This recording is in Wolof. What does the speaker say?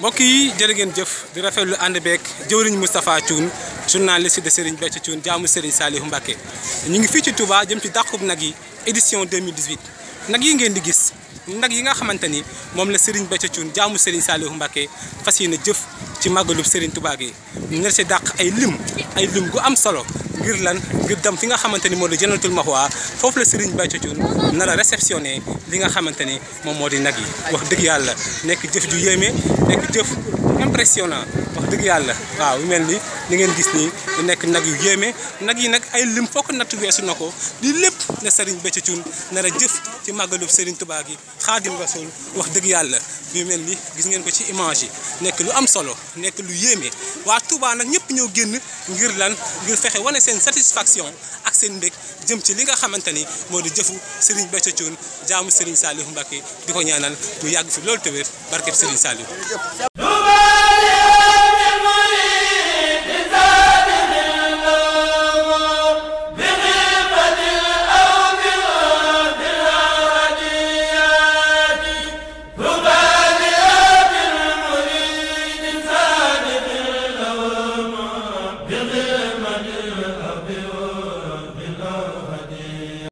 mbokk yi jërë ngeen jëf di rafetlu ànd beek jëwriñ Moustapha Thioune journaliste de Serigne Béthio Thioune jaamu Serigne Saliou Mbacké ñu ngi fii ci Touba jëm ci dàqub nag yi édition 2018 nag yi ngeen di gis nag yi nga xamante ni moom la Serigne Béthio Thioune jaamu Serigne Saliou Mbacké fas yéene jëf ci màggalub Serigne Touba gi ñu si dàq ay lim ay lim gu am solo ngir lan ngir dem fi nga xamante ni moo di jënatul maxwaa foofu la Serigne Béthio Thioune na a réceptionné li nga xamante ni moom moo di nag yi wax dëgg yàlla nekk jëf ju yéeme nekk jëf impressionnant dëgg yàlla waaw yu mel ni li ngeen gis nii di nekk nag yu yéeme nag yi nag ay lim foo ko natt weesu na ko lii lépp la Serigne Béthio Thioune nar jëf ci màggalu Serigne Touba gi Xaadim Rasul wax dëgg yàlla yu mel ni gis ngeen ko ci image nekk lu am solo nekk lu yéeme waa Touba nag ñëpp ñëw génn ngir lan ngir fexe wane seen satisfaction ak seen mbég jëm ci li nga xamante ni moo di jëfu Serigne Béthio Thioune jaamu Serigne Saliou Mbacké di ko ñaanal mu yàgg fi loolu tëwéer barkeb Serigne Saliou